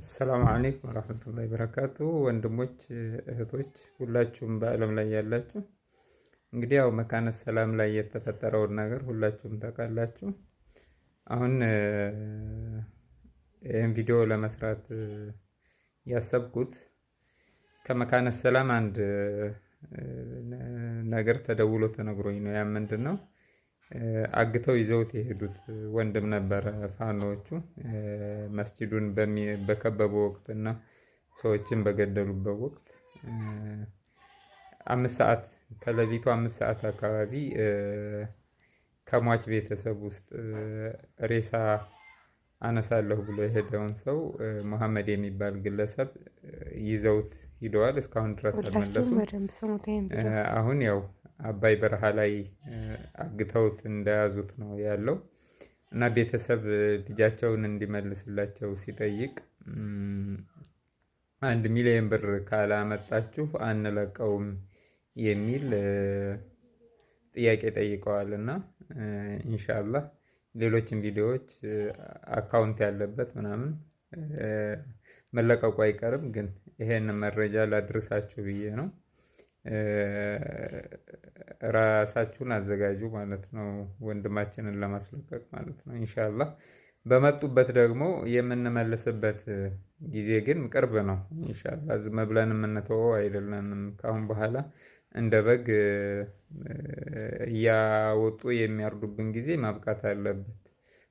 አሰላሙ አለይኩም ወረሕመቱላሂ በረካቱ። ወንድሞች እህቶች፣ ሁላችሁም በአለም ላይ ያላችሁ እንግዲህ ያው መካነ ሰላም ላይ የተፈጠረውን ነገር ሁላችሁም ታውቃላችሁ። አሁን ይህን ቪዲዮ ለመስራት ያሰብኩት ከመካነ ሰላም አንድ ነገር ተደውሎ ተነግሮኝ ነው። ያ ምንድን ነው? አግተው ይዘውት የሄዱት ወንድም ነበረ። ፋኖቹ መስጂዱን በከበቡ ወቅት እና ሰዎችን በገደሉበት ወቅት አምስት ሰዓት ከሌሊቱ አምስት ሰዓት አካባቢ ከሟች ቤተሰብ ውስጥ ሬሳ አነሳለሁ ብሎ የሄደውን ሰው መሐመድ የሚባል ግለሰብ ይዘውት ሂደዋል። እስካሁን ድረስ አልመለሱም። አሁን ያው አባይ በረሃ ላይ አግተውት እንደያዙት ነው ያለው እና ቤተሰብ ልጃቸውን እንዲመልስላቸው ሲጠይቅ አንድ ሚሊዮን ብር ካላመጣችሁ አንለቀውም የሚል ጥያቄ ጠይቀዋል እና ኢንሻላህ ሌሎችን ቪዲዮዎች አካውንት ያለበት ምናምን መለቀቁ አይቀርም። ግን ይሄን መረጃ ላድርሳችሁ ብዬ ነው። ራሳችሁን አዘጋጁ ማለት ነው። ወንድማችንን ለማስለቀቅ ማለት ነው። ኢንሻላህ በመጡበት ደግሞ የምንመልስበት ጊዜ ግን ቅርብ ነው። ኢንሻላህ ዝም ብለን የምንተወው አይደለንም። ከአሁን በኋላ እንደ በግ እያወጡ የሚያርዱብን ጊዜ ማብቃት አለበት።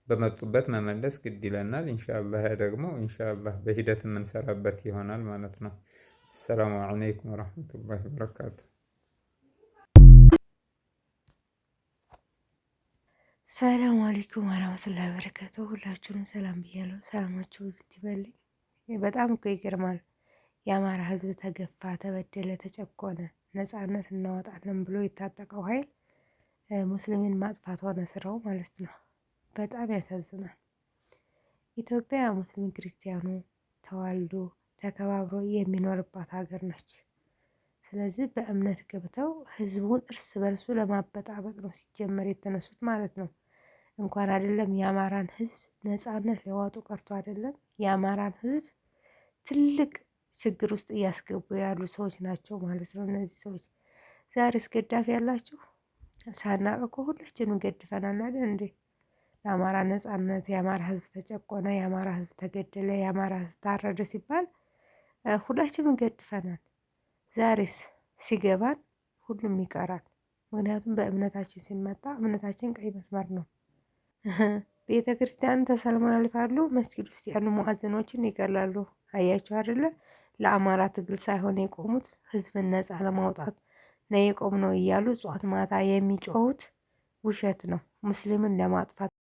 በመጡበት መመለስ ግድ ይለናል። ኢንሻላህ ደግሞ ኢንሻላህ በሂደት የምንሰራበት ይሆናል ማለት ነው። አሰላሙ አለይኩም ወረህመቱላሂ ወበረካቱ። ሰላም አለይኩም ወረህመቱላሂ ወበረካቱ። ሁላችሁንም ሰላም ብያለሁ። ሰላማችሁ ብዙት ይበልኝ። በጣም እኮ ይገርማል። የአማራ ህዝብ ተገፋ፣ ተበደለ፣ ተጨኮነ ነጻነት እናወጣለን ብሎ የታጠቀው ኃይል ሙስሊምን ማጥፋት ሆነ ስራው ማለት ነው። በጣም ያሳዝናል። ኢትዮጵያ ሙስሊም ክርስቲያኑ ተዋልዶ ተከባብሮ የሚኖርባት ሀገር ነች። ስለዚህ በእምነት ገብተው ህዝቡን እርስ በርሱ ለማበጣበጥ ነው ሲጀመር የተነሱት ማለት ነው። እንኳን አይደለም የአማራን ህዝብ ነጻነት ሊያወጡ ቀርቶ አይደለም የአማራን ህዝብ ትልቅ ችግር ውስጥ እያስገቡ ያሉ ሰዎች ናቸው ማለት ነው። እነዚህ ሰዎች ዛሬ እስገዳፊ ያላችሁ ሳናቀው ከሁላችንም ገድፈናል አይደል እንዴ? የአማራ ነጻነት፣ የአማራ ህዝብ ተጨቆነ፣ የአማራ ህዝብ ተገደለ፣ የአማራ ህዝብ ታረደ ሲባል ሁላችንም ገድፈናል። ዛሬስ ሲገባን ሁሉም ይቀራል። ምክንያቱም በእምነታችን ሲመጣ እምነታችን ቀይ መስመር ነው። ቤተ ክርስቲያን ተሰልማ ያልፋሉ። መስጊድ ውስጥ ያሉ ሙዓዝኖችን ይገላሉ። አያቸው አደለ? ለአማራ ትግል ሳይሆን የቆሙት ህዝብን ነጻ ለማውጣት ነው የቆም ነው እያሉ ጧት ማታ የሚጮሁት ውሸት ነው። ሙስሊምን ለማጥፋት